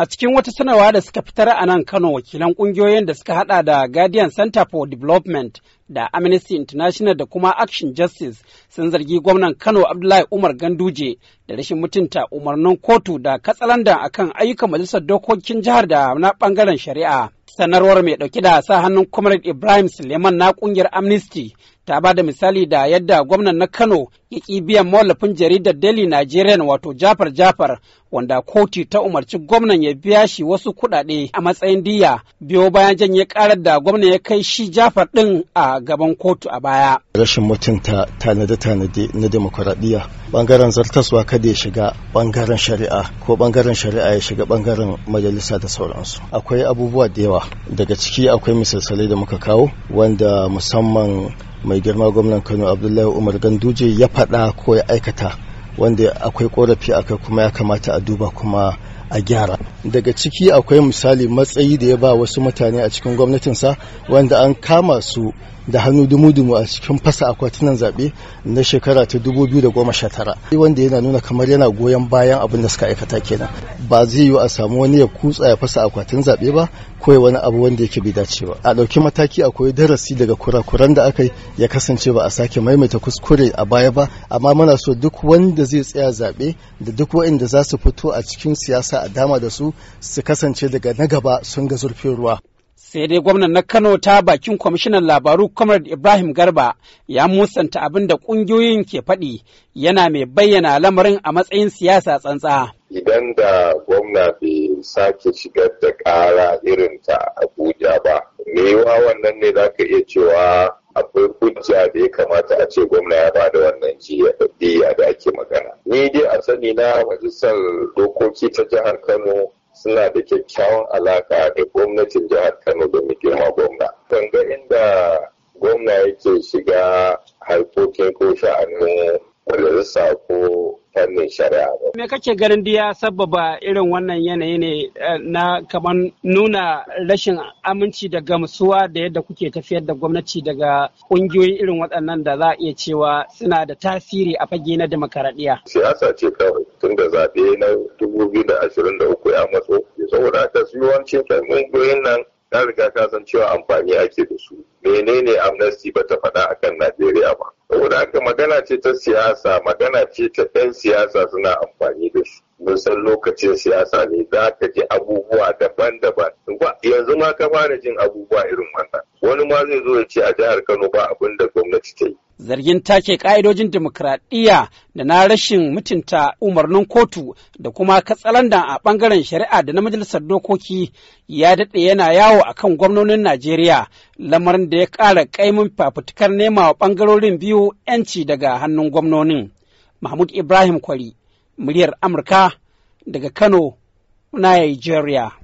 A cikin wata sanarwa da suka fitar a nan Kano wakilan kungiyoyin da suka hada da Guardian Center for Development da Amnesty International da kuma Action Justice sun zargi gwamnan Kano Abdullahi Umar Ganduje da rashin mutunta umarnin kotu da katsalandan akan ayyukan majalisar dokokin jihar da na bangaren shari'a. Sanarwar mai dauke da sa hannun Comrade Ibrahim Suleiman na kungiyar Amnesty ta ba da misali da yadda gwamnan na Kano ya ƙi biyan mallafin jaridar Daily Nigerian wato Jafar Jafar wanda koti ta umarci gwamnan ya biya shi wasu kuɗaɗe a matsayin diya biyo bayan ya karar da gwamnan ya kai shi Jafar ɗin a gaban kotu a baya. Rashin mutunta tanade-tanade na demokuraɗiyya bangaren zartaswa kada ya shiga bangaren shari'a ko bangaren shari'a ya shiga bangaren majalisa da sauransu. Akwai abubuwa da yawa daga ciki akwai misalsalai da muka kawo wanda musamman mai girma gwamnan kano abdullahi umar ganduje ya faɗa ko ya aikata wanda akwai korafi akai kuma ya kamata a duba kuma a gyara daga ciki akwai misali matsayi da ya ba wasu mutane a cikin gwamnatinsa wanda an kama su da hannu dumu-dumu a cikin fasa akwatunan zaɓe na shekara ta 2019 wanda yana nuna kamar yana goyon bayan abin da suka aikata kenan ba zai yiwu a samu wani ya kutsa ya fasa akwatin zaɓe ba ko wani abu wanda yake bai dace ba a ɗauki mataki akwai darasi daga kurakuran da aka yi ya kasance ba a sake maimaita kuskure a baya ba amma muna so duk wanda zai tsaya zaɓe da duk waɗanda za su fito a cikin siyasa a dama da su su kasance daga na gaba sun ga zurfin ruwa. sai dai gwamnan na kano ta bakin kwamishinan labaru comrade ibrahim garba ya musanta abin da ƙungiyoyin ke faɗi yana mai bayyana lamarin a matsayin siyasa tsantsa idan da gwamna bai sake shigar da ƙara irinta abuja ba me wannan ne za ka iya cewa akwai hujja da ya kamata a ce gwamna ya ba da wannan jiya da ake magana. Ni dai a sani na majalisar dokoki ta jihar Kano suna da kyakkyawan alaka da gwamnatin jihar Kano da mai girma gwamna. Tanga inda gwamna yake shiga harkokin ko sha'anin majalisa ko fannin shari'a ba. Me kake ganin ya sababa irin wannan yanayi ne eh, na kamar nuna rashin aminci da gamsuwa da yadda kuke tafiyar da gwamnati daga ƙungiyoyi irin waɗannan da za a iya cewa suna da tasiri a fage na demokaradiyya. Siyasa ce kawai tun da zaɓe na dubu biyu da ashirin da uku ya matso. Saboda haka su yawancin ƙungiyoyin nan na riga ka san cewa amfani ake da su. Menene amnesty ba ta faɗa akan Najeriya ba. saboda haka magana ce ta siyasa magana ce ta 'yan siyasa suna amfani da shi mun san lokacin siyasa ne za ka ji abubuwa daban-daban yanzu ma ka fara jin abubuwa irin wannan wani ma zai zo ya ce a jihar Kano ba abin da gwamnati ta yi. Zargin take ƙa'idojin dimokuraɗiyya da na rashin mutunta umarnin kotu da kuma katsalandan a ɓangaren shari'a da na majalisar dokoki ya daɗe yana yawo a kan gwamnonin Najeriya lamarin da ya ƙara ƙaimin fafutukar nema wa ɓangarorin biyu 'yanci daga hannun gwamnonin. Mahmud Ibrahim Kwari, muryar Amurka daga Kano, Nigeria.